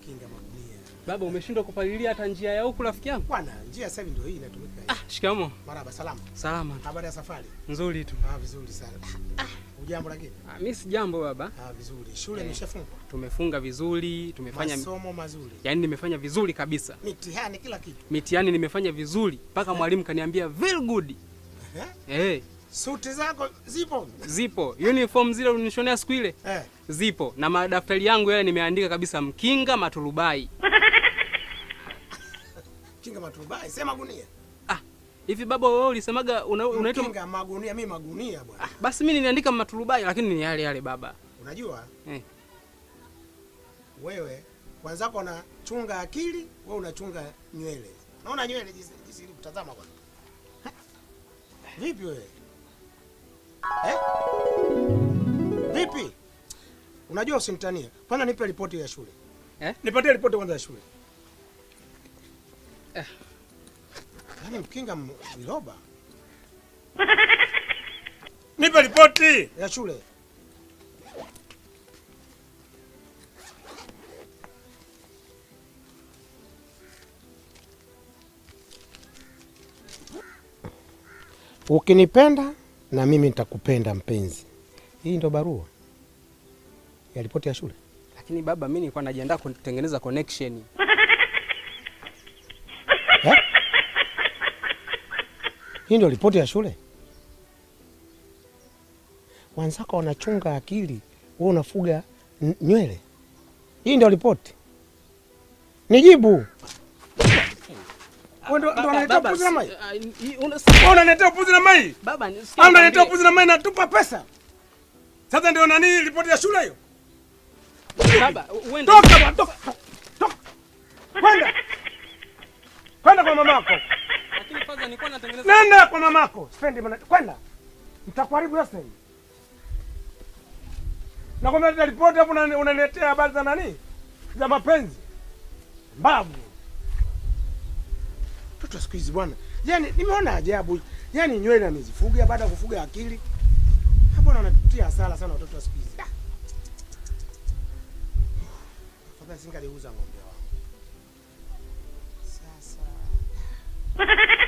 kinga magunia. Baba, umeshindwa kupalilia hata njia ya huku rafiki yangu. Bwana, njia sasa hivi ndio hii inatumika. Ah, shikamo. Marhaba, salama. Salama. Habari ya safari? Nzuri tu. Ah, vizuri sana. Ah, ah. hujambo lakini? Ah, mimi si jambo baba. Ah, vizuri. Shule eh, imeshafungwa. Eh, tumefunga vizuri, tumefanya masomo mazuri. Yaani nimefanya vizuri kabisa. Mitihani kila kitu. Mitihani nimefanya vizuri mpaka mwalimu kaniambia very good. Eh? Eh. Suti zako zipo? Zipo. Uniform zile ulinishonea siku ile? Eh. Zipo. Na madaftari yangu yale nimeandika kabisa Mkinga Maturubai. Mkinga Maturubai, sema gunia. Ah, hivi baba wewe ulisemaga unaitwa Mkinga magunia, mimi magunia bwana. Ah, basi mimi niliandika Maturubai lakini ni yale yale baba. Unajua? Eh. Wewe kwanza kwa chunga akili, wewe unachunga nywele. Naona nywele jinsi jinsi kutazama kwa. Vipi wewe? Eh? Vipi? Unajua usimtania. Kwanza nipe ripoti ya shule. Eh? Nipatie ripoti kwanza ya shule. Eh. Yaani mkinga miloba. Nipe ripoti ya shule. Ukinipenda na mimi nitakupenda mpenzi. Hii ndo barua ya ripoti ya shule. Lakini baba, mimi nilikuwa najiandaa kutengeneza connection eh? Hii ndio ripoti ya shule. Wanzako wanachunga akili, wewe unafuga nywele. Hii ndio ripoti, nijibu. Unaniletea upuzi na mai, uh, uh, unaniletea upuzi na mai, natupa pesa sasa. Ndio nani ripoti ya shule hiyo? Kwenda kwa mamako, nenda kwa mamako, sipendi kwenda nitakuharibu sasa hivi. Nakwambia ripoti hapo, unaniletea habari za nani, za mapenzi mbavu Mtoto siku hizi bwana, yani nimeona ajabu, yani nywele amezifuga baada ya kufuga akili hapo, ah, na anatutia hasara sana watoto wa siku hizi. Ah. singaliuza ng'ombe wangu sasa